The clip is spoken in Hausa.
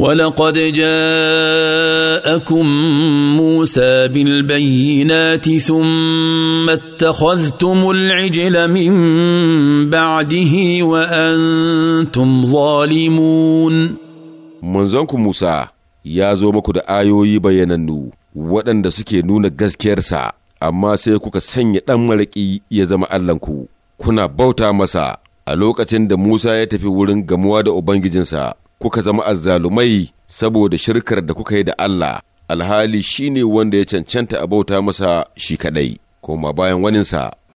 ولقد جاءكم موسى بالبينات ثم اتخذتم العجل من بعده وانتم ظالمون منزنكم موسى ya zo muku da ayoyi bayanannu waɗanda suke nuna gaskiyarsa amma sai kuka sanya ɗan maraƙi ya zama allahnku kuna bauta masa a lokacin da musa ya tafi wurin gamuwa da ubangijinsa kuka zama azzalumai saboda shirkar da kuka yi da Allah alhali shine wanda ya cancanta a bauta masa shi kadai koma bayan waninsa